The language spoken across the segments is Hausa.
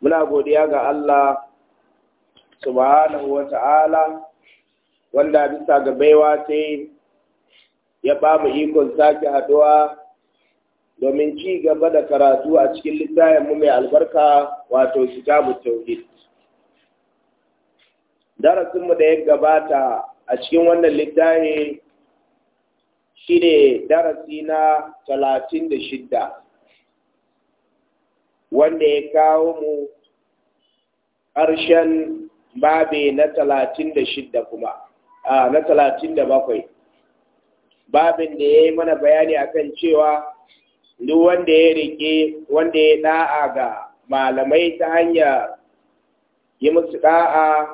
muna godiya ga Allah subhanahu wa ta'ala wanda bisa ga baiwa sai ya ba mu ikon sake haduwa domin ci gaba da karatu a cikin littafin mai albarka wato kitabu tauhid Darasinmu mu da ya gabata a cikin wannan shi ne darasi na talatin da shidda wanda ya kawo mu ƙarshen babe na talatin da shidda kuma a na talatin da bakwai babin da ya yi mana bayani akan cewa duk wanda ya rike wanda ya da'a ga malamai ta hanyar yi musu da'a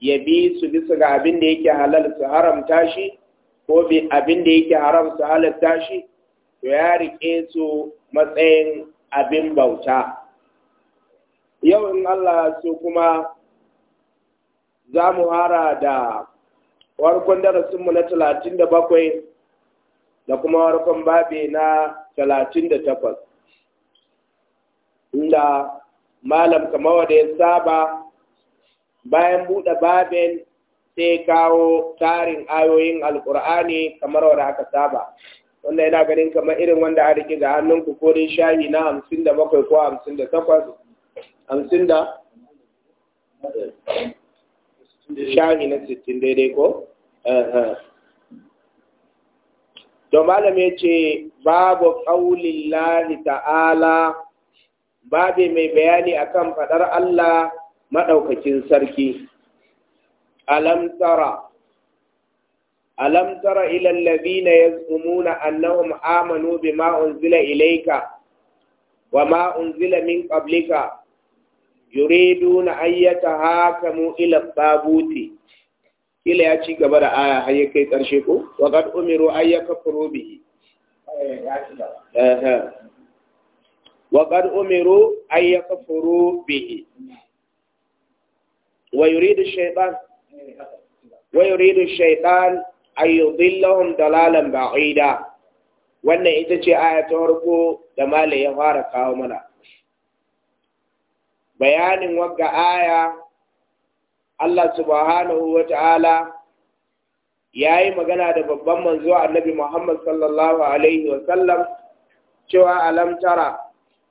ya bi su bisa ga abin da yake halal su haramta shi ko abin da yake haram su halatta shi to ya rike su matsayin abin bauta yau in Allah su kuma za mu hara da warkon darasinmu na talatin da bakwai da kuma warkon babi na talatin da takwas inda malam kamawa da ya saba bayan buɗe babin sai kawo tarin ayoyin alkur'ani kamar wadda aka saba wanda yana ganin kamar irin wanda a rike ga hannunku ko dai shayi na hamsin da bakwai ko hamsin da takwas hamsin da shayi na sittin daidai ko don malam ya ce babu ƙaunin lahi ta'ala babu mai bayani akan faɗar Allah maɗaukakin sarki alamtara alam tara ila alladhina yaz'umuna annahum amanu bima unzila ilayka وما أنزل من قبلك يريدون أن يتهاكموا إلى الطاغوت kila ya ci gaba da aya har ya kai ƙarshe ko wa qad umiru ay yakfuru bihi wa qad umiru ay ayyudillahum dalalan ba'ida wannan ita ce aya ta da malai ya fara kawo mana bayanin wagga aya Allah subhanahu ya yi magana da babban manzo annabi Muhammad sallallahu alaihi wa cewa alam tara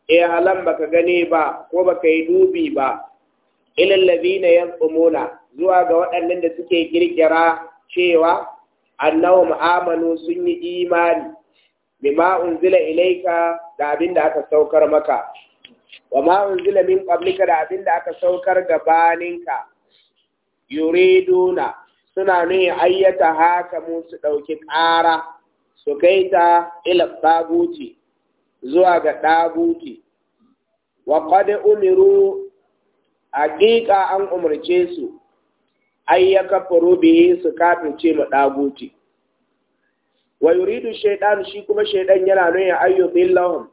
e alam baka gani ba ko baka yi dubi ba ilal ladina yanqumuna zuwa ga waɗannan da suke girgira cewa annahum amanu sun yi imani bima unzila ilaika da abin da aka saukar maka wa ma unzila min qablika da abin da aka saukar gabaninka yuriduna suna ne ayyata haka mu su ɗauki ƙara su kaita ta ila ɗabuti zuwa ga ɗabuti wa qad umiru haƙiƙa an umarce su ai ya kafaro bihi su kafirce mu daguti wa yuridu shaytan shi kuma shaytan yana nuna ayyu billahum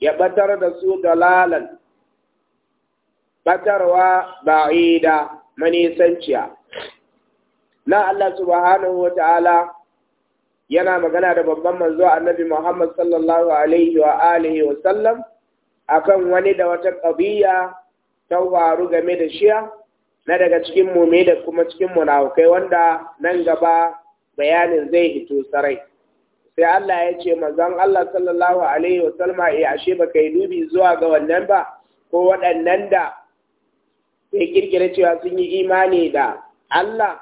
ya batar da su dalalan batarwa ba'ida manisanciya na Allah subhanahu wa ta'ala yana magana da babban manzo annabi Muhammad sallallahu alaihi wa alihi wa sallam akan wani da wata ƙabiya ta faru game da shia na daga cikin mume da kuma cikin munafukai wanda nan gaba bayanin zai hito sarai sai Allah ya ce manzon Allah sallallahu alaihi wasallama ya eh, ashe baka yi dubi zuwa ga wannan ba ko waɗannan da sai kirkira cewa sun yi imani da Allah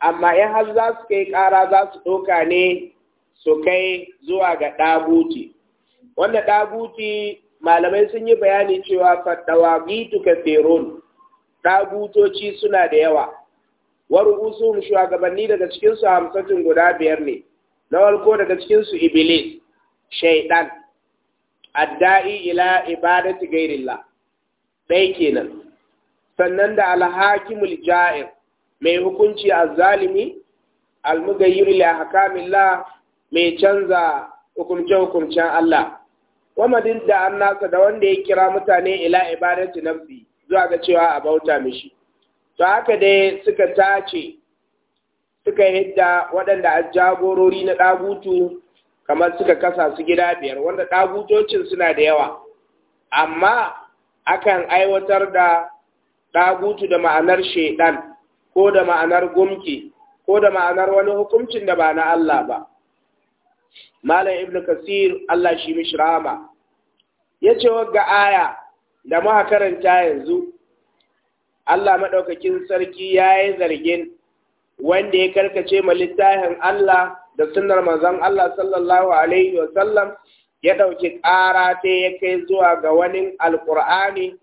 amma in har za su kai ƙara za su ɗauka ne su kai zuwa ga ɗab'uti? wanda ɗab'uti malamai sun yi bayani cewa bitu ka ɗagutoci suna da yawa wa shugabanni daga cikin su hamsatin guda biyar ne na farko daga cikin su iblis shaydan adda'i ila ibadati ghairillah dai kenan sannan da alhakimul ja'ir mai hukunci azzalimi almugayyir li ahkamillah mai canza hukumce hukumcen Allah wa madin da annasa da wanda ya kira mutane ila ibadati nafsi zuwa ga cewa a bauta mishi to haka dai suka tace suka hidda waɗanda a jagorori na ɗagutu kamar suka kasa su gida biyar wanda ɗagutocin suna da yawa amma akan aiwatar da ɗagutu da ma'anar shaiɗan, ko da ma'anar gumki ko da ma'anar wani hukuncin da ba na Allah ba malam Ibn kasir Allah shi mishi rahama yace ga aya da muka karanta yanzu Allah maɗaukakin sarki ya yi zargin wanda ya karkace ma littafin Allah da sunnar manzon Allah sallallahu alaihi wa sallam ya ɗauki ƙara ta ya kai zuwa ga wani alƙur'ani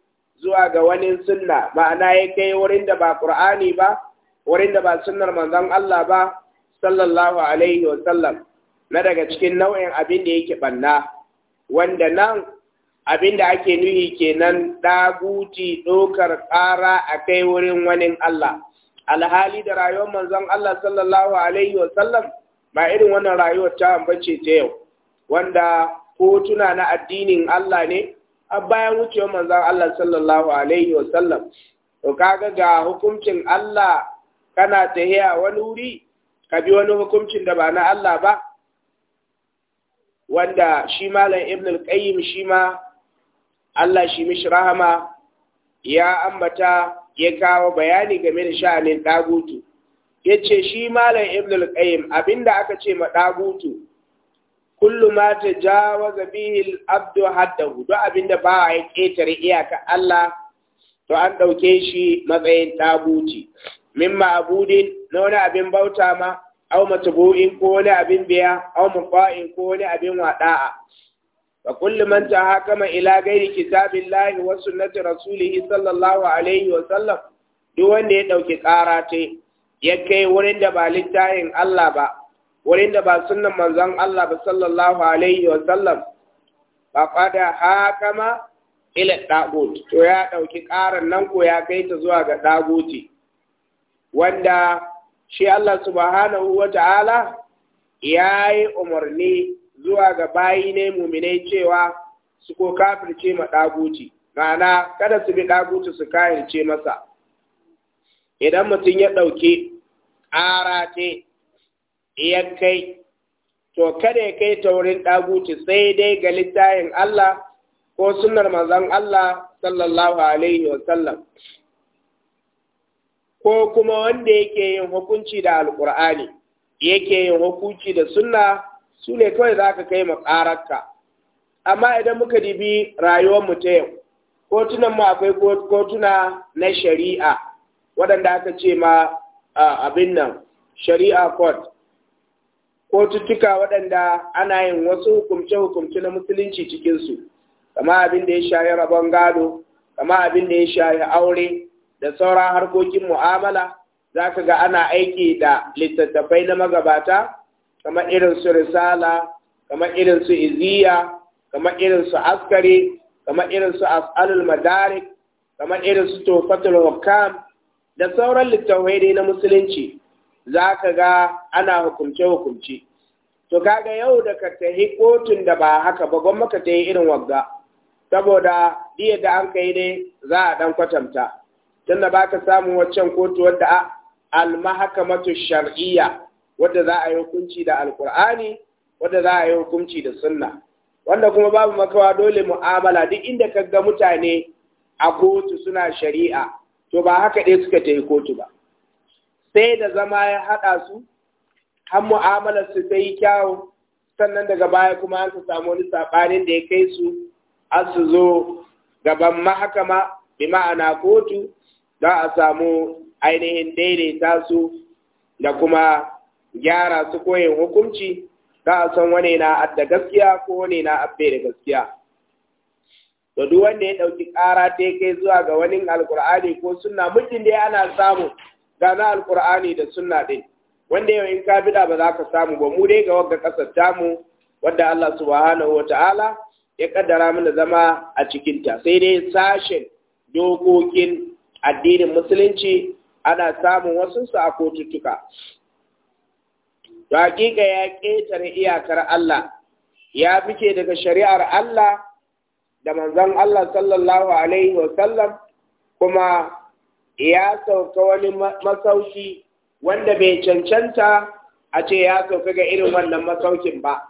zuwa ga wani sunna ma'ana ya kai wurin da ba ƙur'ani ba wurin da ba sunnar manzon Allah ba sallallahu alaihi wa sallam na daga cikin nau'in abin da yake banna wanda nan Abin da ake nuhi kenan ɗaguti ɗaukar ƙara a kai wurin wani Allah alhali da rayuwar manzon Allah sallallahu alaihi wasallam ba irin wannan rayuwar ta ambace ta yau wanda ko tuna na addinin Allah ne a bayan wucewar manzon Allah sallallahu alaihi wasallam to kaga ga hukuncin Allah kana ta hiya wani wuri ka bi wani hukuncin da ba na Allah ba wanda shi malam ibn al-qayyim shi ma Allah shi mishi rahama ya ambata ya kawo bayani game da sha'anin ɗagutu. Ya ce shi Malam Ibn al-Qayyim abinda aka ce ma ɗagutu, kullu ma ta jawaza bihi abdu haddahu, hudu abinda ba ya ƙetare iyaka Allah, to an ɗauke shi matsayin ɗaguti. Mimma abudin na wani abin bauta ma, au matabu'in ko wani abin biya, au mufa'in ko wani abin waɗa'a. fa kullu man tahakama ila ghairi kitabillahi wa sunnati rasulih sallallahu alaihi wa sallam duk wanda ya dauki kara ta ya kai wurin da ba littafin Allah ba wurin da ba sunnan manzon Allah ba sallallahu alaihi wa sallam ba qada hakama ila dagut to ya dauki karan nan ko ya kai ta zuwa ga daguti wanda shi Allah subhanahu wa ta'ala ya yi umarni zuwa ga bayi ne muminai cewa su ko kafirce ma ɗaguci ma'ana kada su bi ɗaguci su kayarce masa idan mutum ya ɗauki arate ya kai to kada ya kai taurin wurin ɗaguci sai dai ga littayin Allah ko sunar manzon Allah sallallahu alaihi wasallam ko kuma wanda yake yin hukunci da alƙur'ani yake yin hukunci da sunna su ne kawai za ka kai makararka amma idan muka dibi rayuwarmu ta yau kotunan mu akwai kotuna na shari'a waɗanda aka ce ma abin nan shari'a court kotuttuka waɗanda ana yin wasu hukumce-hukumce na musulunci cikinsu kama abin da ya shaye rabon gado kama abin da ya shaye aure da sauran harkokin mu'amala za ka ga ana aiki da littattafai na magabata kamar irin su risala kamar irin su iziya kamar irin su askari kamar irin su as'alul madarik kamar irin su tofatul hukam da sauran littafai na musulunci za ka ga ana hukunce hukumce To kaga yau da ka tahi kotun da ba haka ba gwamma ka tahi irin wagga, saboda diya da an kai dai za a dan kwatanta. Tunda ba ka samu waccan kotu wadda almahakamatu shar'iyya wadda za a yi hukunci da alkur'ani wadda za a yi hukunci da sunna wanda kuma babu makawa dole mu'amala duk inda ka ga mutane a kotu suna shari'a to ba haka ɗaya suka ta yi kotu ba sai da zama ya haɗa su har mu'amalar su ta yi kyawu sannan daga baya kuma an samu wani saɓanin da ya kai su an su zo gaban mahakama bi ma'ana kotu za a samu ainihin daidaita su da kuma gyara su koyin hukunci za a san wane na adda gaskiya ko wane na abbe da gaskiya to duk wanda ya ɗauki ƙara ta kai zuwa ga wani alkur'ani ko sunna mutum dai ana samu ga na alkur'ani da sunna din wanda yau in ka bida ba za ka samu ba mu dai ga wagga kasar tamu wanda Allah subhanahu Ta'ala ya kaddara mana zama a cikin ta sai dai sashen dokokin addinin musulunci ana samun wasu su a kotuttuka to hakika ya ƙetare iyakar Allah ya fice daga shari'ar Allah da manzon Allah sallallahu alaihi wa kuma ya sauka wani masauki wanda bai cancanta a ce ya sauka ga irin wannan masaukin ba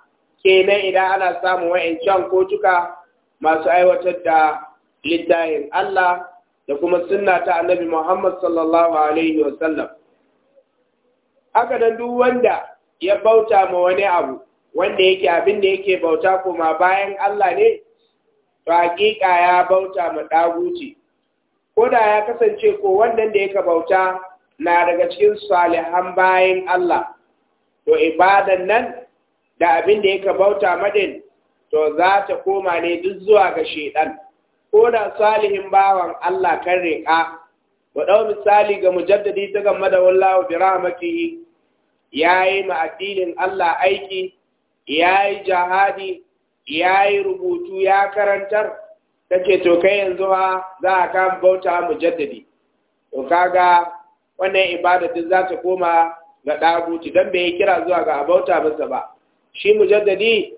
kenan idan ana samun ko kotuka masu aiwatar da littafin Allah da kuma sunna ta annabi Muhammad sallallahu alaihi wa haka dan duk wanda ya bauta ma wani abu wanda yake abin da yake bauta kuma bayan Allah ne to hakika ya bauta ma daguci ko da ya kasance ko wannan da yake bauta na daga cikin salihan bayan Allah to ibadan nan da abin da yake bauta madin to za ta koma ne duk zuwa ga shedan ko da salihin bawan Allah kan reka wa dau misali ga mujaddadi ta gamma da wallahu bi rahmatihi ya yi ma'addinin Allah aiki ya yi jihadi ya yi rubutu ya karantar take to kai yanzu ha za a kama bauta mu jaddadi. to kaga wannan ibadatin za ta koma ga daguci don bai kira zuwa ga bauta masa ba shi mu jaddadi?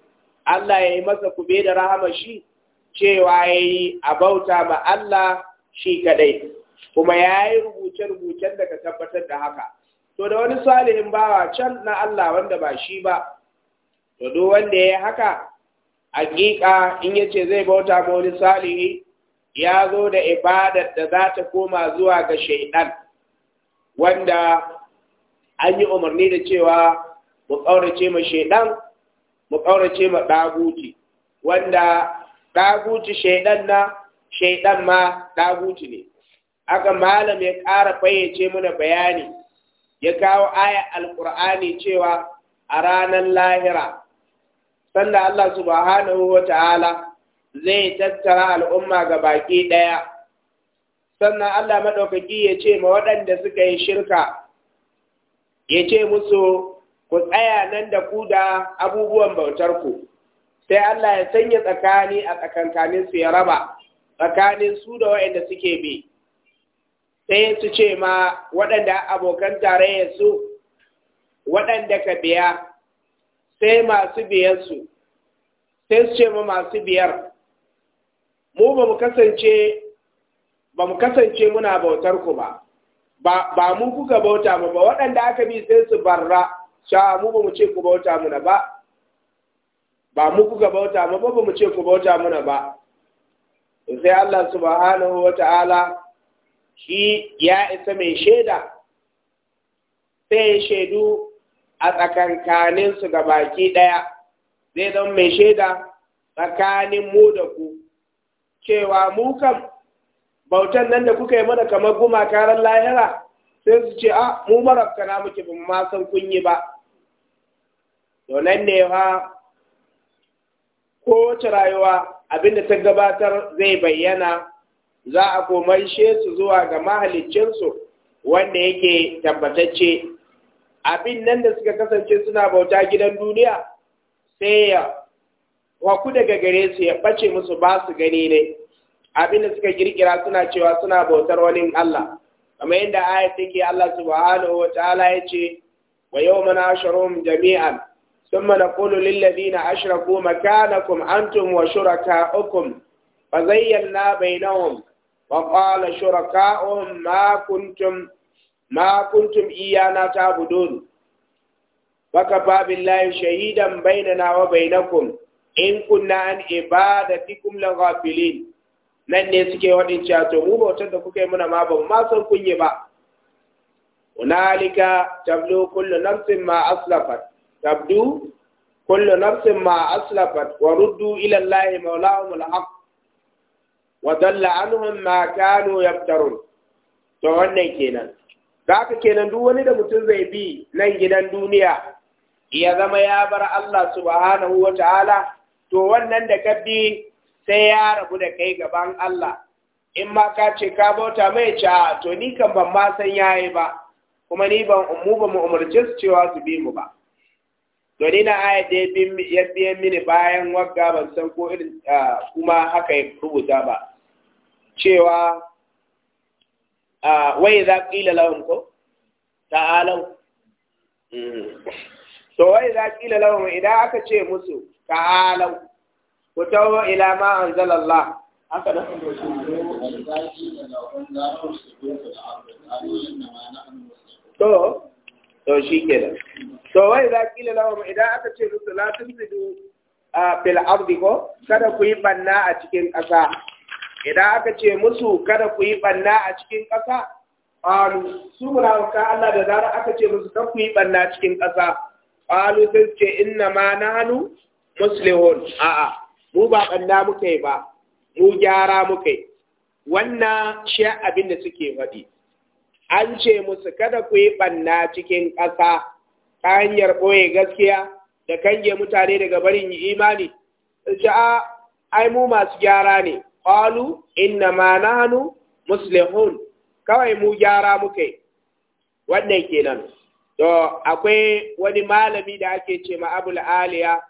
Allah ya yi masa kube da rahama shi cewa ya yi a bauta ma Allah shi kadai kuma ya yi rubuce-rubucen da ka tabbatar da haka to da wani salihin bawa can na Allah wanda ba shi ba to do wanda ya haka hakika in yace zai bauta ma wani salihi ya zo da ibadar da za ta koma zuwa ga shaidan wanda an yi umarni da cewa mu kaurace ma shaidan mu kaurace ma daguti wanda daguti shaidan na shaidan ma daguti ne aka malam ya ƙara fayyace mana bayani ya kawo aya alƙur'ani cewa a ranar lahira sanda Allah subhanahu wa ta'ala zai tattara al'umma ga baki ɗaya sannan Allah maɗaukaki ya ce ma waɗanda suka yi shirka ya ce musu ku tsaya nan da ku da abubuwan bautarku. sai Allah ya sanya tsakani a tsakankaninsu ya raba tsakanin su da waɗanda suke bi sai su ce ma waɗanda abokan tarayyar su waɗanda ka biya sai masu su, sai su ce ma masu biyar mu ba mu kasance ba mu kasance muna bautar ku ba ba mu kuka bauta mu ba waɗanda aka bi sai su barra sha mu ba mu ce ku bauta muna ba ba mu kuka bauta mu ba ba mu ce ku bauta muna ba sai Allah subhanahu wa ta'ala shi ya isa mai shaida sai shaidu a tsakankaninsu ga baki ɗaya zai zama mai shaida tsakanin mu da ku cewa mu kan bautan nan da kuka yi mana kamar gumaka lahira sai su ce a mu marafka na muke bin masan kunyi ba donan ne fa kowace rayuwa abinda ta gabatar zai bayyana za a komarshe su zuwa ga mahaliccinsu wanda yake tabbatacce abin nan da suka kasance suna bauta gidan duniya sai ya waku daga gare su ya ɓace musu ba su gani ne abin da suka ƙirƙira suna cewa suna bautar wani Allah kamar yadda ayat take Allah subhanahu wa ta'ala ya ce wa yawma nahshuruhum jami'an ladina ashraku makanakum antum wa shuraka'ukum fa zayyana bainahum فقال شركاء ما كنتم ما كنتم إيانا تعبدون فكفى بالله شهيدا بيننا وبينكم إن كنا عن ibadatikum لغافلين nan ne suke waɗin cato to mu bautar da kuka yi muna ma ba ma san kunye ba unalika tablu kullu nafsin ma aslafat tabdu kullu nafsin ma aslafat wa ruddu ila allahi mawlahum al wa dalla anhum ma kanu yaftarun to wannan kenan kaka kenan duk wani da mutum zai bi nan gidan duniya ya zama ya bar Allah subhanahu wa ta'ala to wannan da ka bi sai ya rabu da kai gaban Allah in ma ka ce ka bauta mai ca to ni kan ban ma san yayi ba kuma ni ban mu ba mu umarci cewa su bi mu ba to ni na aya da ya biye mini bayan wagga ban san ko irin kuma haka ya rubuta ba cewa wai za ƙila lahum ko ta'alau mm. to wai za ƙila lahum idan aka ce musu ta'alau ku tawo ila ma anzalallah haka da to to shi kenan to wai za kila lahum idan aka ce musu la tunzidu a fil ardi ko kada ku yi banna a cikin ƙasa idan aka ce musu kada ku yi banna a cikin ƙasa qalu su mulaka Allah da zara aka ce musu kada ku yi banna cikin ƙasa qalu sai ce inna ma nahnu muslihun a'a mu ba banna muke ba mu gyara muke wannan shi abin da suke faɗi an ce musu kada ku yi ɓanna cikin ƙasa ta hanyar ɓoye gaskiya da kange mutane daga barin yi imani ce a ai mu masu gyara ne ƙwalu inna ma nahnu muslihun kawai mu gyara muke wannan kenan to akwai wani malami da ake ce ma abul aliya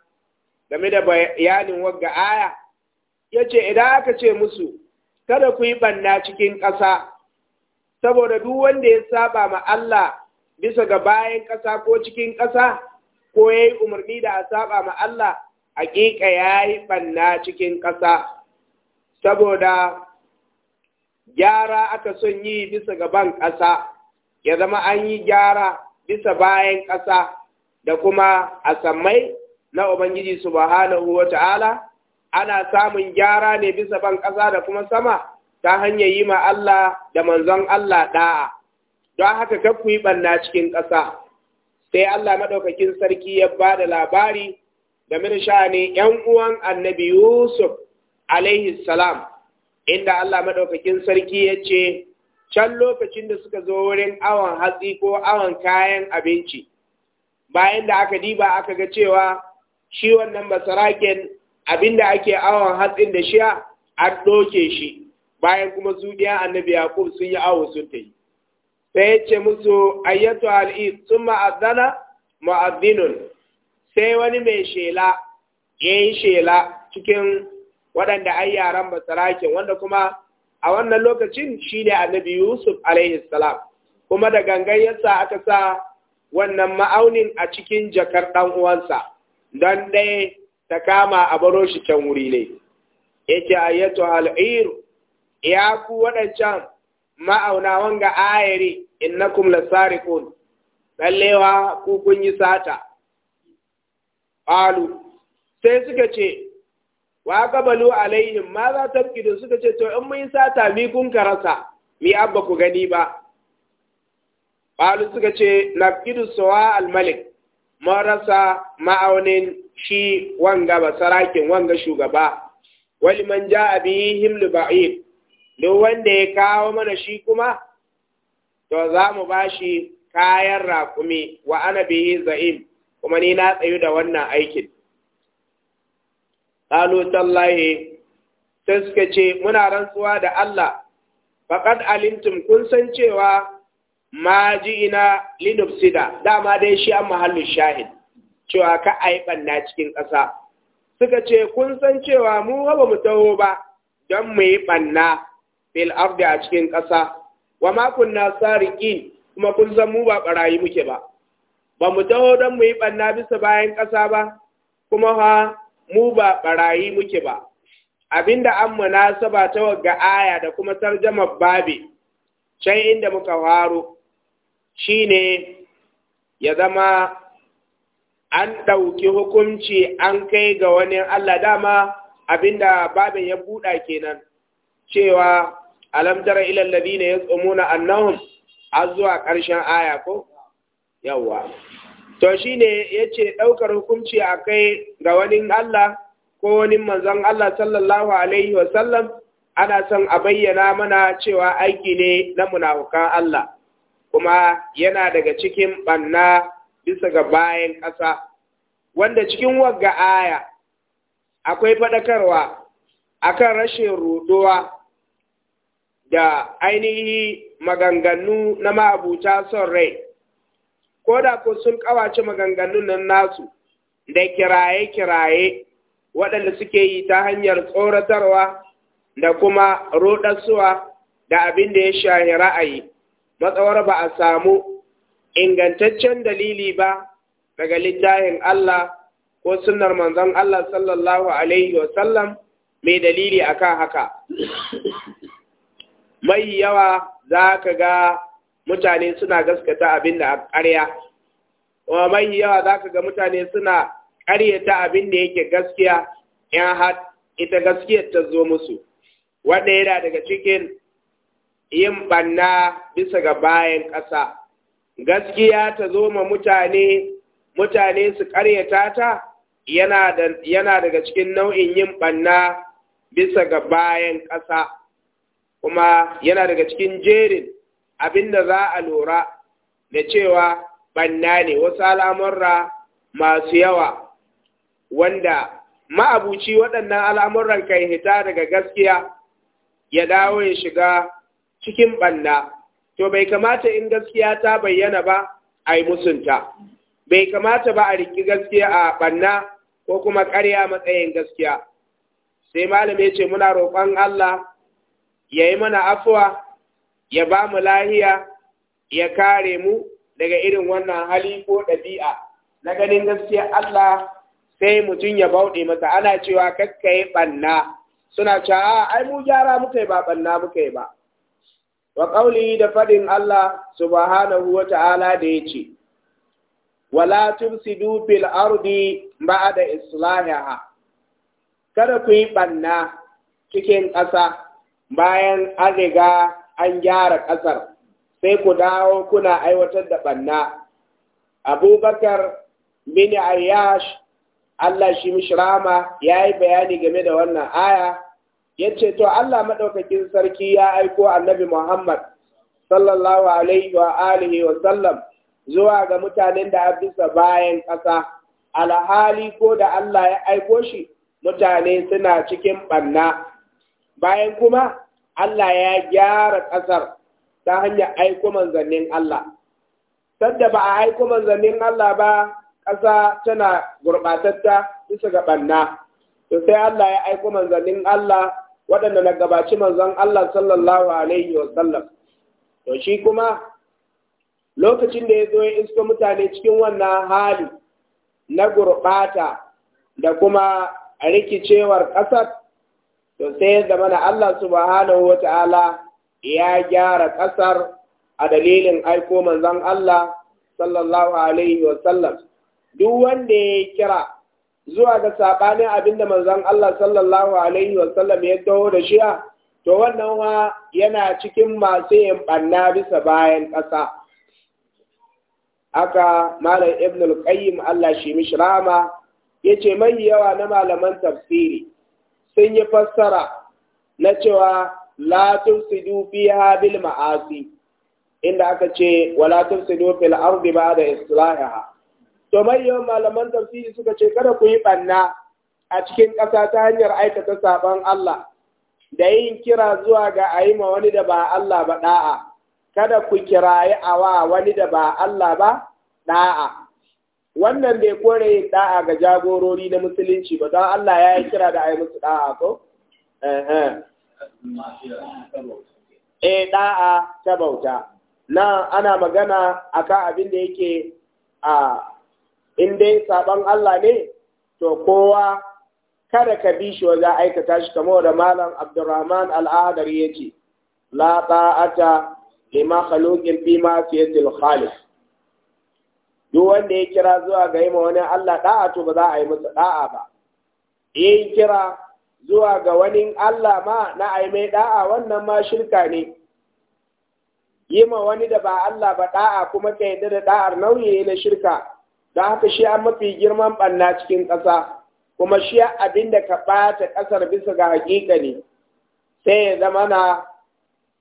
game da bayanin wagga aya ce idan aka ce musu kada ku yi ɓanna cikin ƙasa saboda duk wanda ya saba ma Allah bisa ga bayan ƙasa ko cikin ƙasa ko ya yi umarni da a saba ma Allah hakika ya yi ɓanna cikin ƙasa saboda gyara aka son yi bisa ga ban ƙasa ya zama an yi gyara bisa bayan ƙasa da kuma a sammai na Ubangiji subhanahu wa ta'ala ana samun gyara ne bisa ban ƙasa da kuma sama ta hanyar yi ma Allah da manzon Allah da'a don haka kar kuyi yi banna cikin ƙasa sai Allah maɗaukakin sarki ya ba da labari da ne ‘yan uwan annabi Yusuf alaihi salam, inda Allah maɗaukakin sarki ya ce, can lokacin da suka zo wurin awon hatsi ko awon kayan abinci, bayan da aka diba aka ga cewa shi wannan basaraken abinda ake awon hatsin da shiya an ɗoke shi, bayan kuma su ɗiya annabi yaqub sun yi awo sun yi. sai ya ce musu ayyatu al'id sun ma'azana ma'adinun sai wani mai shela ya yi shela cikin waɗanda ai yaran basarakin wanda kuma a wannan lokacin shine annabi yusuf alaihi salam kuma da gangan yasa aka sa wannan ma'aunin a cikin jakar ɗan uwansa don ɗaya ta kama a baro shi can wuri ne yake ayyatu al'iru. ya ku waɗancan ma'auna wanga ayari innakum lasariqun lallewa ku kun yi sata qalu sai suka ce wa gabalu alaihim ma za tabkidu suka ce to in mun yi sata mi kun karasa mi abba ku gani ba Falu suka ce na nafkidu sawa Almalik marasa ma'aunin shi wanga sarakin wanga shugaba wali man ja'a bihim liba'id duk wanda ya kawo mana shi kuma to za mu ba shi kayan raƙumi wa ana bihi za'im kuma ni na tsayu da wannan aikin qalu tallahi sai suka ce muna rantsuwa da Allah faqad alintum kun san cewa ma ina linufsida dama dai shi an mahallin shahid cewa ka ai banna cikin ƙasa suka ce kun san cewa mu ba mu taho ba don mu yi banna fil ardi a cikin ƙasa wa ma kunna sariqin kuma kun san mu ba barayi muke ba ba mu taho don mu yi ɓanna bisa bayan ƙasa ba kuma ha mu ba barayi muke ba abinda an munasaba ta wagga aya da kuma tarjama babi can inda muka haro shine ya zama an ɗauki hukunci an kai ga wani Allah dama abinda babin ya buɗa kenan cewa alam tara ila alladhina yasumuna annahum azwa ƙarshen aya ko yawa to shine yace daukar hukunci kai ga wani Allah ko wani manzon Allah sallallahu alaihi wa ana son a bayyana mana cewa aiki ne na munafukan Allah kuma yana daga cikin banna bisa ga bayan ƙasa wanda cikin wagga aya akwai faɗakarwa akan rashin ruɗuwa da ainihi maganganu na ma'abuta son rai, ko da ko sun kawace maganganun nan nasu da kiraye-kiraye waɗanda suke yi ta hanyar tsoratarwa da kuma roɗarsuwa da abin da ya shahi ra'ayi, matsawar ba a samu ingantaccen dalili ba daga littafin Allah ko sunnar manzon Allah sallallahu Alaihi wasallam mai dalili akan haka. mai yawa za ka ga mutane suna gaskata abin da ƙarya wa mai yawa za ka ga mutane suna ƙaryata abin da yake gaskiya yan har ita gaskiyar ta zo musu wanda yana daga cikin yin banna bisa ga bayan ƙasa gaskiya ta zo ma mutane mutane su ƙaryata ta yana daga cikin nau'in yin ɓanna bisa ga bayan ƙasa kuma yana daga cikin jerin abinda za a lura da cewa banna ne wasu al'amurra masu yawa wanda ma'abuci waɗannan al'amuran Kai hita daga gaskiya ya dawo ya shiga cikin banna to bai kamata in gaskiya ta bayyana ba a yi musunta bai kamata ba a riki gaskiya a banna ko kuma karya matsayin gaskiya sai malam ya ce muna roƙon Allah ya yi mana afuwa ya ba mu lahiya ya kare mu daga irin wannan hali ko ɗabi'a na ganin gaskiya Allah sai mutum ya bauɗe masa ana cewa kakka yi ɓanna suna cewa ai mu gyara muka yi ba ɓanna muka yi ba wa ƙauli da faɗin Allah subhanahu wa ta'ala da ya ce wala tufsidu fil ardi ba'da islahiha kada ku yi ɓanna cikin ƙasa bayan an riga an gyara ƙasar sai ku dawo kuna aiwatar da ɓanna abubakar mini ayyash Allah shi mishrama ya yi bayani game da wannan aya ya ce to Allah maɗaukakin sarki ya aiko annabi Muhammad sallallahu alaihi wa alihi wa sallam zuwa ga mutanen da abisa bayan ƙasa alhali ko da Allah ya aiko shi mutane suna cikin ɓanna bayan kuma Allah ya gyara ƙasar ta hanyar aiko manzannin Allah. Sadda ba a aiko manzannin Allah ba, ƙasa tana gurɓatatta bisa ga ɓanna. To sai Allah ya aiko manzannin Allah waɗanda na gabaci manzan Allah sallallahu Alaihi wasallam. To shi kuma lokacin da ya zo ya isko mutane cikin wannan hali na gurɓata da kuma a rikicewar ƙasar. to sai da mana Allah subhanahu ta’ala ya gyara ƙasar a dalilin aiko manzan Allah sallallahu alaihi wasallam, duk wanda ya kira zuwa ga saɓanin abinda manzon Allah sallallahu alaihi wasallam ya dawo da shi to wannan wa yana cikin masu yin ɓanna bisa bayan ƙasa aka malam ibn al-qayyim Allah shi mishrama yace mai yawa na malaman tafsiri sun yi fassara na cewa la tufsidu ya bil ma'asi inda aka ce wa su dubi fil ba da islahiha to manyan malaman tafsiri suka ce kada ku yi ɓanna a cikin ƙasa ta hanyar aikata saban Allah da yin kira zuwa ga a yi ma wani da ba Allah ba da'a kada ku kirayi wa wani da ba Allah ba da'a wannan bai kore da'a ga jagorori na musulunci ba don Allah ya yi kira da a yi musu da'a ko? Eh da'a ta bauta. Na ana magana a akan abin da yake a inda dai saban Allah ne, to kowa kada ka bi shi wajen aikata shi kamar da Malam Abdurrahman al'adar ya ce, La ta'ata Ima khaluqin Bima fiye fiyatil Khalif. duk wanda ya kira zuwa ga yi ma wani Allah da'a to ba za a yi masa da'a ba yi kira zuwa ga wani Allah ma na yi mai da'a wannan ma shirka ne yi ma wani da ba Allah ba da'a kuma ka yadda da da'ar nauyi na shirka da haka shi an mafi girman banna cikin ƙasa kuma shi abin da ka ɓata ƙasar bisa ga hakika ne sai ya zama na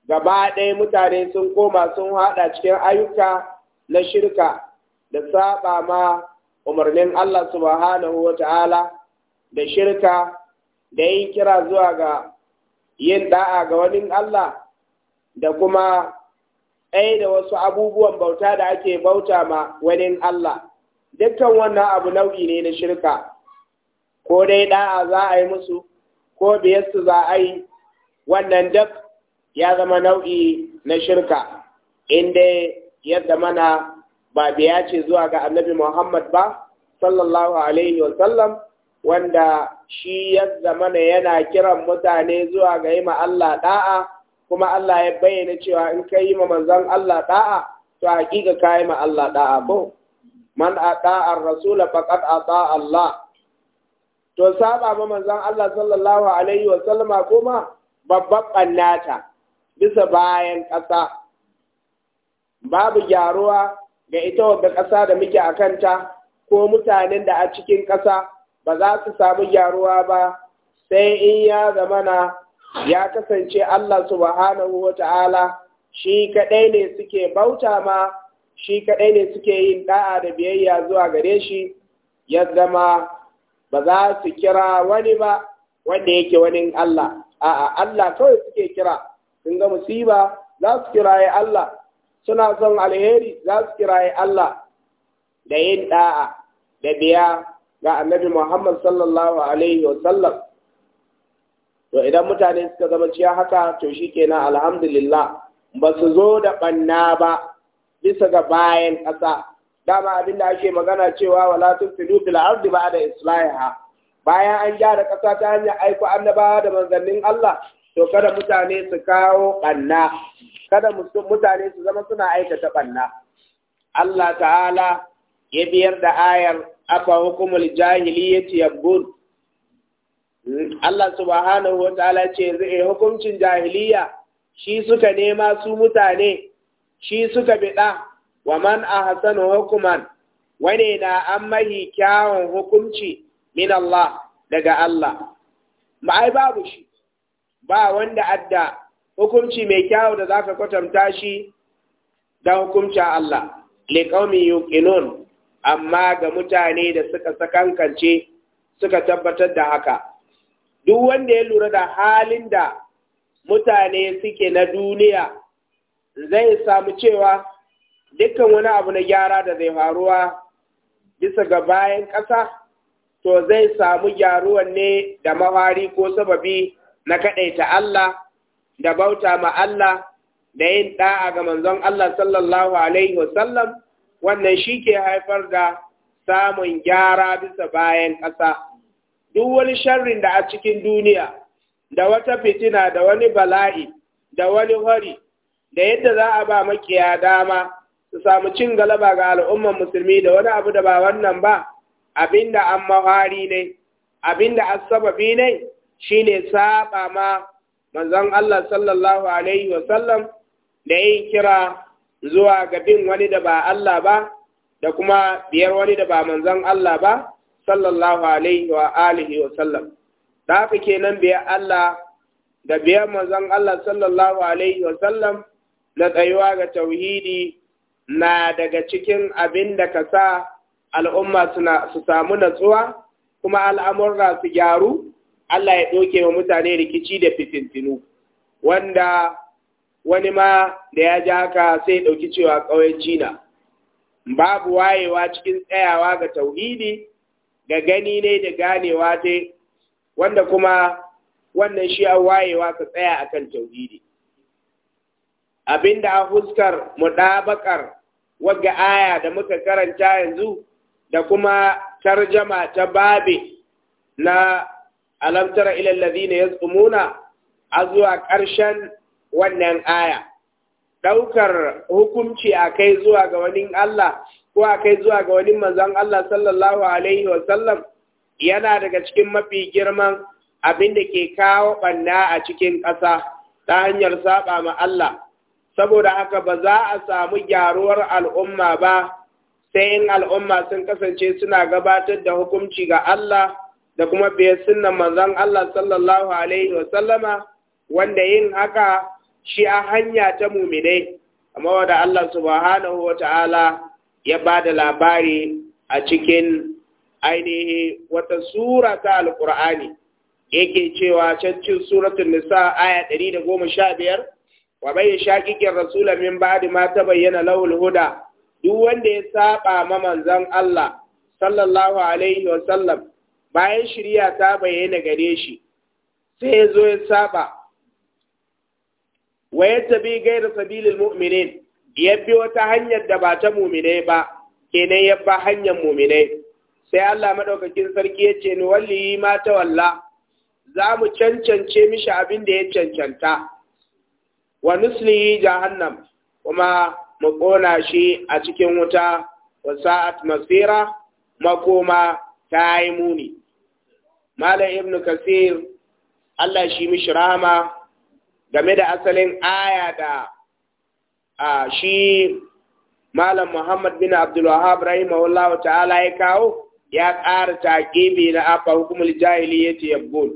gaba ɗaya mutane sun koma sun haɗa cikin ayyuka na shirka da saba ma umarnin Allah subhanahu wa ta'ala da shirka da yin kira zuwa ga yin da'a ga wani Allah da kuma ɗaya da wasu abubuwan bauta da ake bauta ma wani Allah dukkan wannan abu nau'i ne na shirka ko dai da'a za a yi musu ko biyarsu za a yi wannan duk ya zama nau'i na shirka inda yadda mana ba biya ce zuwa ga annabi Muhammad ba sallallahu alaihi wa sallam wanda shi ya zamana yana kiran mutane zuwa ga yi ma Allah ɗa'a, kuma Allah ya bayyana cewa in ka yi ma manzon Allah ɗa'a, to haƙiƙa ka yi ma Allah ɗa'a ko man a ɗa’ar rasula a ata'a Allah to saba ma manzon Allah sallallahu alaihi wa kuma babban ɓannata bisa bayan ƙasa babu gyaruwa ga ita wadda ƙasa da muke a kanta ko mutanen da a cikin ƙasa ba za su samu gyaruwa ba sai in ya zamana ya kasance Allah subhanahu wa ta'ala shi kaɗai ne suke bauta ma shi kaɗai ne suke yin ɗa'a da biyayya zuwa gare shi ya zama ba za su kira wani ba wanda yake wani Allah a'a Allah kawai suke kira sun ga musiba za su kira ya Allah suna son alheri za su kiraye Allah da yin da'a da biya ga annabi Muhammad sallallahu alaihi wa to idan mutane suka zama ciya haka to shi kenan alhamdulillah ba su zo da ɓanna ba bisa ga bayan ƙasa dama abinda ake magana cewa wala tufidu fil ardi ba'da islahiha bayan an gyara ƙasa ta hanyar aiko annabawa da manzannin Allah to kada mutane su kawo ɓanna kada mutane su zama suna aikata ɓanna Allah ta'ala ya biyar da ayar afa hukumul jahiliyyati yabun Allah subhanahu wa ta'ala ce zai hukuncin jahiliya shi suka nema su mutane shi suka biɗa wa man ahsanu hukuman wane na an mahi kyawun hukunci min Allah daga Allah ai babu shi ba wanda adda hukunci mai kyau da zaka kwatanta shi da hukuncin Allah liqaumin yuqinun amma ga mutane da suka sakankance suka tabbatar da haka duk wanda ya lura da halin da mutane suke na duniya zai samu cewa dukkan wani abu na gyara da zai faruwa bisa ga bayan ƙasa to zai samu gyaruwan ne da mawari ko sababi na kaɗaita Allah da bauta ma Allah da yin ɗa'a ga manzon Allah sallallahu Alaihi wasallam wannan shi ke haifar da samun gyara bisa bayan ƙasa. Duk wani sharrin da a cikin duniya, da wata fitina, da wani bala'i, da wani hori, da yadda za a ba makiya dama su samu cin galaba ga al'umman musulmi da wani abu da ba wannan ba, abinda an mahari ne, abinda an sababi ne, Shi ne saba ma manzan Allah sallallahu alaihi wasallam da yin kira zuwa ga bin wani da ba Allah ba da kuma biyar wani da ba manzan Allah ba sallallahu alaihi wa alihi wasallam. Ta da haka kenan biyar Allah da biyar manzan Allah sallallahu alaihi wasallam na tsayuwa ga tauhidi na daga cikin abin da ka sa al'umma su samu natsuwa kuma al'amurra su gyaru Allah ya ɗauke wa mutane rikici da fitintinu wanda wani ma da ya ji haka sai ɗauki cewa ƙauyen Cina. Babu wayewa cikin tsayawa ga tauhidi ga gani ne da ganewa ta wanda kuma wannan shi an wayewa ka tsaya a kan tauhidi. Abinda a fuskar muɗabakar wagga aya da muka karanta yanzu da kuma tarjama ta babe na alam tara ila alladhina yazumuna azwa karshen wannan aya daukar hukumci akai zuwa ga wani Allah ko akai zuwa ga wani manzon Allah sallallahu alaihi wa yana daga cikin mafi girman abin da ke kawo banna a cikin ƙasa ta hanyar saba ma Allah saboda haka ba za a samu gyaruwar al'umma ba sai in al'umma sun kasance suna gabatar da hukunci ga Allah da kuma biyar sunan manzon Allah sallallahu alaihi wa wanda yin haka shi a hanya ta mumine, amma wanda Allah subhanahu wa ta'ala ya ba da labari a cikin ainihi wata sura ta alkur'ani yake cewa cancin suratun nisa aya 115 wa bai shaƙiƙin rasula min ba'di ma ta bayyana lawul huda duk wanda ya saba ma manzon Allah sallallahu alaihi wa bayan shirya ta bayyana gare shi sai ya zo ya saba wa ya tabi gaira sabilin mu'minin ya bi wata hanyar da ba ta muminai ba kenan ya ba hanyar muminai sai Allah madaukakin sarki ya ce ni walliyi ma ta walla za mu cancance mishi abin da ya cancanta wa nuslihi jahannam kuma mu kona shi a cikin wuta wa sa'at masira makoma ta yi muni malam ibn kasir Allah shi mishi rama game da asalin aya da a shi malam Muhammad bin Abdul Wahhab rahimahullahu ta'ala ya kawo ya ƙara taƙibi na afa hukumul jahiliyyati yabgul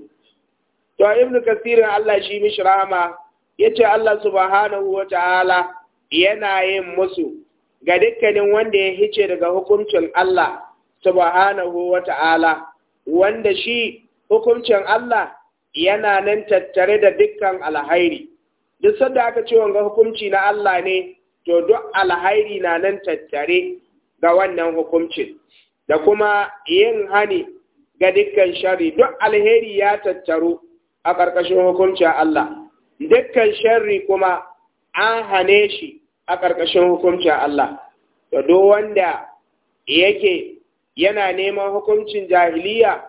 to ibn kasir Allah shi mishi rama yace Allah subhanahu wa ta'ala yana yin musu ga dukkanin wanda ya hice daga hukuncin Allah subhanahu wa ta'ala wanda shi hukuncin Allah yana nan tattare da dukkan alhairi duk sanda aka ce wanga hukunci na Allah ne to duk alhairi na nan tattare ga wannan hukuncin da kuma yin hani ga dukkan sharri duk alheri ya tattaru a ƙarƙashin hukuncin Allah dukkan sharri kuma an hane shi a ƙarƙashin hukuncin Allah da duk wanda yake yana neman hukuncin jahiliya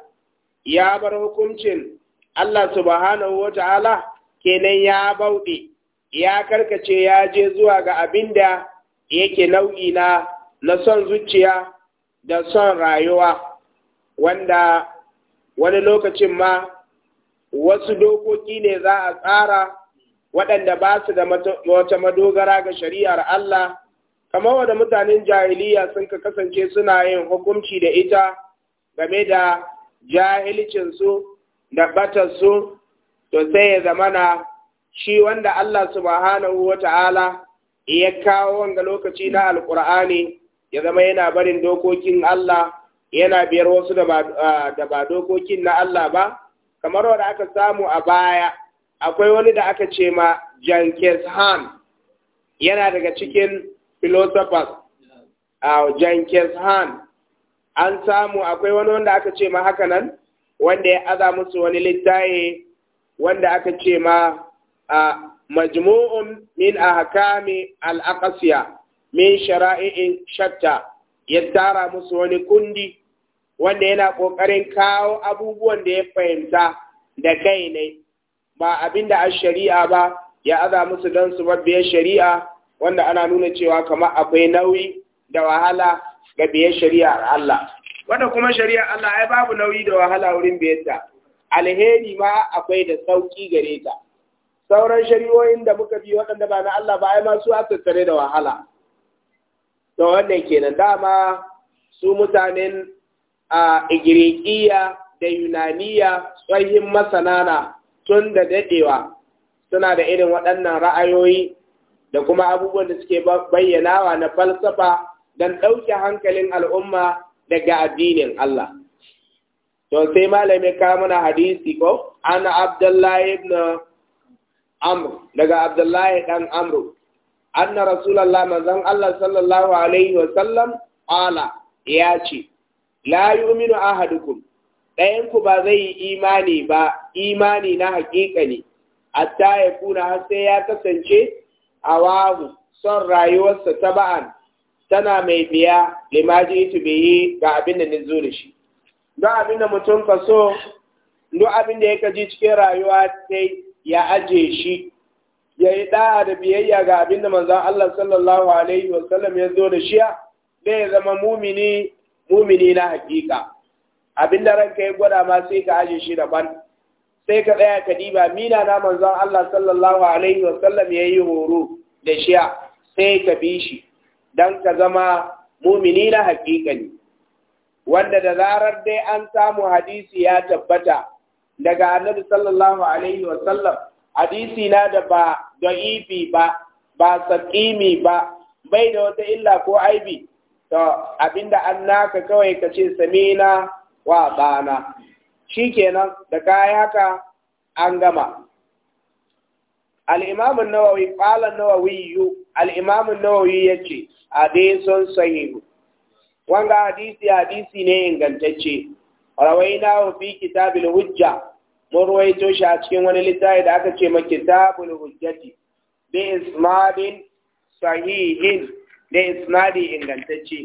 ya bar hukuncin Allah subhanahu wa ta'ala kenan ya bauɗe, ya karkace ya je zuwa ga abin da yake nau'i na na son zuciya da son rayuwa, wanda wani lokacin ma wasu dokoki ne za a tsara waɗanda ba su da wata madogara ga shari'ar Allah kamar wanda mutanen jahiliya sun ka kasance suna yin hukunci da ita game da jahilcinsu da batarsu to sai ya zamana shi wanda Allah subhanahu wa ta'ala ya kawo wanga lokaci na alkur'ani ya zama yana barin dokokin Allah yana biyar wasu da ba dokokin na Allah ba kamar wanda aka samu a baya akwai wani da aka ce ma Jankes Han yana daga cikin philosophers a uh, Jenkins Han an samu akwai wani wanda aka ce ma haka nan wanda ya aza musu wani littaye wanda aka ce ma a uh, majmu'un min ahkami al-aqsiya min shara'i'in shatta ya tara musu wani kundi wanda yana ƙoƙarin kawo abubuwan da ya fahimta da kai ne ba abinda a shari'a ba ya aza musu don su babbiyar shari'a wanda ana nuna cewa kamar akwai nauyi da wahala ga biye shari'ar Allah wanda kuma shari'ar Allah ai babu nauyi da wahala wurin biyarta alheri ma akwai da sauki gare ta sauran shari'o'in da muka bi waɗanda ba na Allah ba ai ma su aka tare da wahala to wannan kenan dama su mutanen a igirikiya da yunaniya tsohin masanana tun da dadewa suna da irin waɗannan ra'ayoyi da kuma abubuwan da suke bayyanawa na falsafa don ɗauke hankalin al'umma daga addinin Allah. To sai malami kamuna hadisi ko, ana Abdullahi ibn Amr, daga Abdullahi ɗan Amru, anna Rasulallah mazan Allah sallallahu Alaihi wasallam, ala ya ce, La yu'minu ahadukum, ɗayanku ba zai yi imani ba, imani na haƙiƙa ne, hatta ya kuna har sai ya kasance awamu son rayuwarsa ta ba'an tana mai biya limaji bai yi ga abin da nizo da shi Do abin da mutum ka so duk abin da ya kaji cikin rayuwa sai ya aje shi ya yi ɗaya da biyayya ga abin da manzan Allah sallallahu alaihi wasallam ya zo da shi da ya zama mumini mumini na hakika abin da ranka ya gwada ma sai ka aje shi daban sai ka tsaya ka diba mina na manzon Allah sallallahu alaihi wasallam ya yi horo da shi sai ka bi shi dan ka zama mumini na hakikani wanda da zarar dai an samu hadisi ya tabbata daga annabi sallallahu alaihi wasallam hadisi na da ba da'ifi ba ba saƙimi ba bai da wata illa ko aibi to abinda an naka kawai ka ce samina wa bana Shi kenan, da kaya haka an gama al-imam an-nawawi qala an-nawawi al-imam an yace sahihu wanga hadisi hadisi ne ingantacce rawaina fi kitabin hujja mun ruwaito shi a cikin wani littafi da aka ce ma kitabin hujjati bi ismadin sahihin da isnadi ingantacce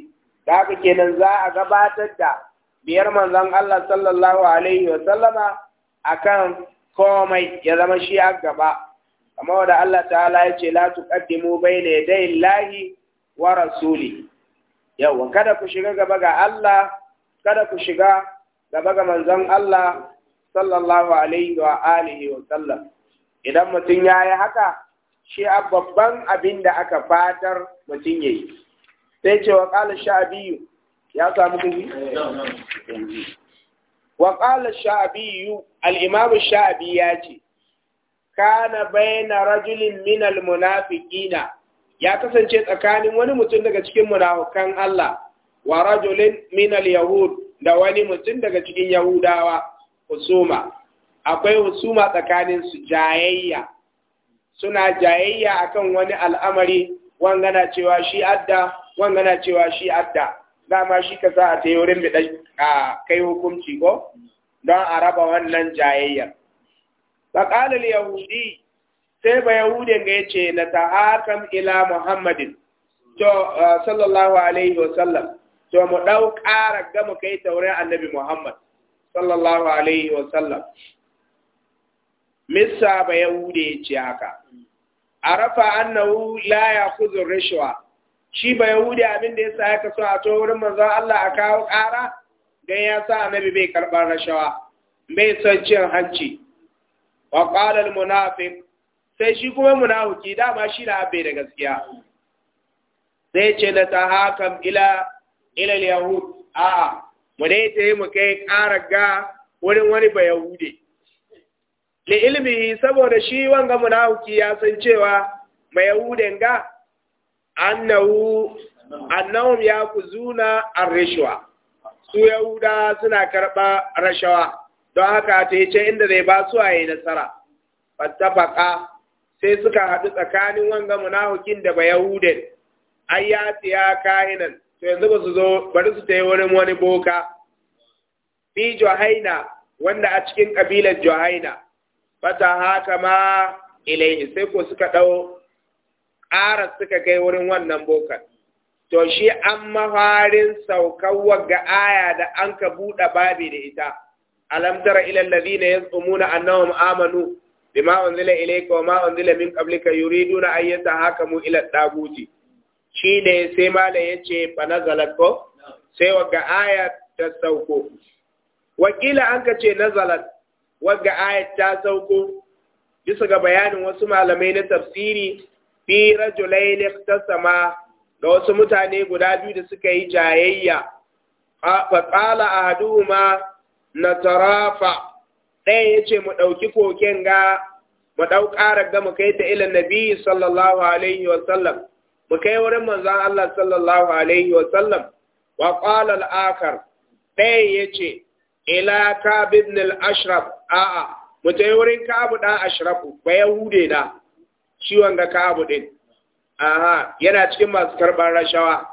da haka kenan za a gabatar da biyar manzan Allah sallallahu alaihi wa sallama akan komai ya zama shi a gaba kamar da Allah ta'ala ya ce la tuqaddimu bayna yaday Allahi wa rasuli yawa kada ku shiga gaba ga Allah kada ku shiga gaba ga manzan Allah sallallahu alaihi wa alihi wa idan mutum ya yi haka shi a babban abin da aka fatar mutum ya yi sai ce wa ƙala sha biyu ya samu al-imam sha'bi ya ce kana bayna rajulin min al ya kasance tsakanin wani mutum daga cikin munafukan Allah wa rajulin min yahud da wani mutum daga cikin yahudawa husuma akwai husuma tsakanin su jayayya suna jayayya akan wani al'amari wangana cewa shi adda wangana cewa shi adda dama shi ka sa a ta yi wurin a kai hukunci ko don a raba wannan jayayya faƙalar yahudi sai ba yahudin ga ya ce na ta'akam ila muhammadin to sallallahu alaihi sallam, to mu ɗau ƙara gama kai taurin annabi muhammad sallallahu alaihi sallam. missa ba yahudi ya ce haka arafa annahu la ya kuzur rashuwa. shi ba Yahudi abin da ya sa ya so a to wurin manzon Allah a kawo ƙara dan ya sa annabi bai karɓar rashawa bai son cin hanci wa qala al munafiq sai shi kuma munafiki dama shi da abai da gaskiya sai ce la hakam ila ila al yahud a'a mu dai ta yi mu kai ƙara ga wurin wani ba Yahudi. Li ilmi saboda shi wanga munafiki ya san cewa mai Yahudin ga annahu annahum yakuzuna ar-rishwa su yahuda suna karɓa rashawa don haka ta yi inda zai ba su a nasara fattafaka sai suka haɗu tsakanin wanga munahukin da ba yahudin ai ya tiya kahinan to yanzu ba su zo bari su tayi wurin wani boka fi johaina wanda a cikin kabilar johaina fata haka ma ilaihi sai ko suka ɗau ƙara suka kai wurin wannan bokan. To shi an mafarin saukawar ga aya da an ka buɗe babi da ita, alamtara ilal ladina yazumuna annahum amanu bima unzila ilayka wa ma unzila min qablika yuriduna an yatahakamu ila Shi ne sai mala yace fa na ko sai waga aya ta sauko wakila an ka ce nazalat waga aya ta sauko bisa ga bayanin wasu malamai na tafsiri fi ta sama da wasu mutane guda biyu da suka yi jayayya fa qala ahaduhuma natarafa ɗaya yace mu ɗauki koken ga mu ɗau ƙara ga mu kai ta ila nabi sallallahu alaihi wa sallam mu kai wurin manzon Allah sallallahu alaihi wa sallam wa qala al-akhar ya yace ila kabibnil ashraf a'a mu tayi wurin kabu ɗan ashrafu ba yahude na ciwon ga kabu din aha yana cikin masu karɓar rashawa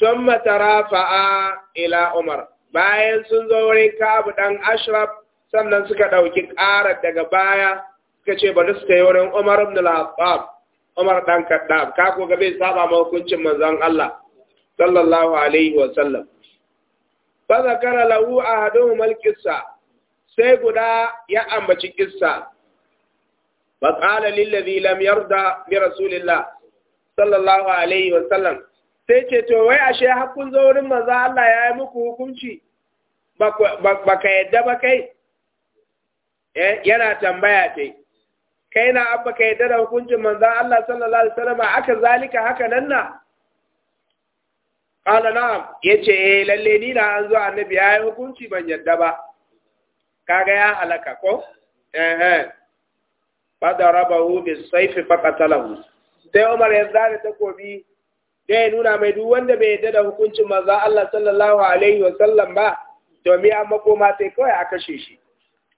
sun rafa'a ila umar bayan sun zo wurin kabu ɗan ashraf sannan suka ɗauki ƙarar daga baya suka ce bari su yi wurin umar ibn al umar ɗan kaddab ka ko ga bai saba ma hukuncin manzon Allah sallallahu alaihi wa sallam fa zakara lahu ahaduhum al-qissa sai guda ya ambaci kissa wa للذي لم يرضى برسول الله bi rasulillah sallallahu alaihi wa sallam sai ce to wai ashe الله zo مكو حكمشي Allah ya yi hukunci ba kai yana tambaya ce kai na abba ka yadda da hukuncin manzo Allah sallallahu alaihi wasallam aka zalika haka nan na qala na'am yace eh lalle ni na an zo annabi yayi hukunci ban yadda ba kaga ya halaka ko raba fadarabahu bisayfi faqatalahu sai Umar ya zare takobi da ya nuna mai duk wanda bai yarda da hukuncin maza Allah sallallahu alaihi wa sallam ba to mi amma koma sai kawai a kashe shi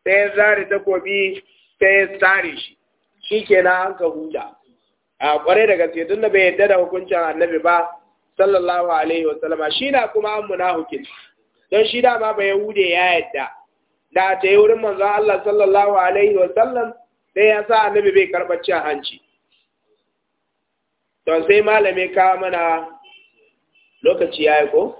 sai ya zare takobi sai ya tsari shi na an ka huta a kware da gaske tunda bai yarda da hukuncin annabi ba sallallahu alaihi wa sallama shi na kuma an munafikin don shi da ma yahude ya yadda. da ta yi wurin manzo Allah sallallahu alaihi wa sallam sai ya sa annabi bai karɓar cin hanci don sai malami kawo mana lokaci ya yi ko?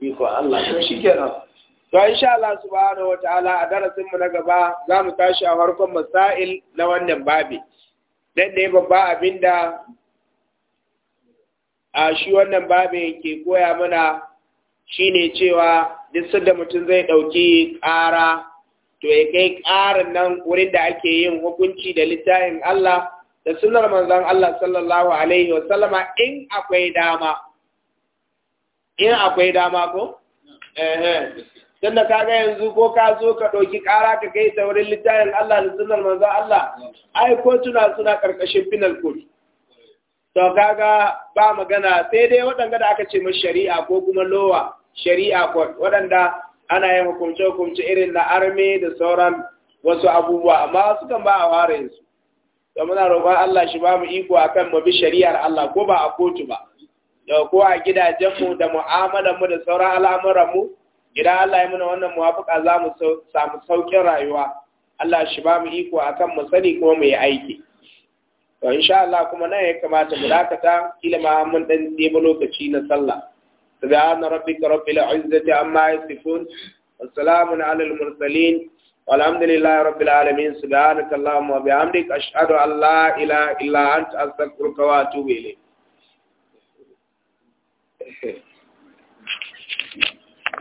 Iko Allah to shi kenan. To insha Allah subhanahu wa ta'ala a darasin mu na gaba za mu tashi a farkon masail na wannan babi. Dan ne babba abinda a shi wannan babi ke koya mana shine cewa duk sanda mutum zai ɗauki ƙara to ya kai ƙarin nan wurin da ake yin hukunci da littafin Allah da sunar manzan Allah sallallahu alaihi wa in akwai dama in akwai dama ko eh tun da kaga yanzu ko ka zo ka ɗauki ƙara ka kai saurin littafin Allah da sunar manzan Allah ai kotuna suna ƙarƙashin final court to kaga ba magana sai dai waɗanda da aka ce ma shari'a ko kuma lowa shari'a court waɗanda ana yin hukumce-hukumce irin na arme da sauran wasu abubuwa amma sukan ba a ware su da muna roƙon Allah shi ba mu iko akan mu bi shari'ar Allah ko ba a kotu ba da ko a gidajenmu da mu'amalar mu da sauran al'amuranmu gida idan Allah ya muna wannan muwafaqa za mu samu saukin rayuwa Allah shi ba mu iko akan mu sani kuma mu yi aiki to insha Allah kuma nan ya kamata mu dakata kila ma mun dan lokaci na sallah سبحان ربك رب العزة عما يصفون والسلام على المرسلين والحمد لله رب العالمين سبحانك اللهم وبحمدك أشهد أن لا إله إلا أنت أستغفرك وأتوب إليك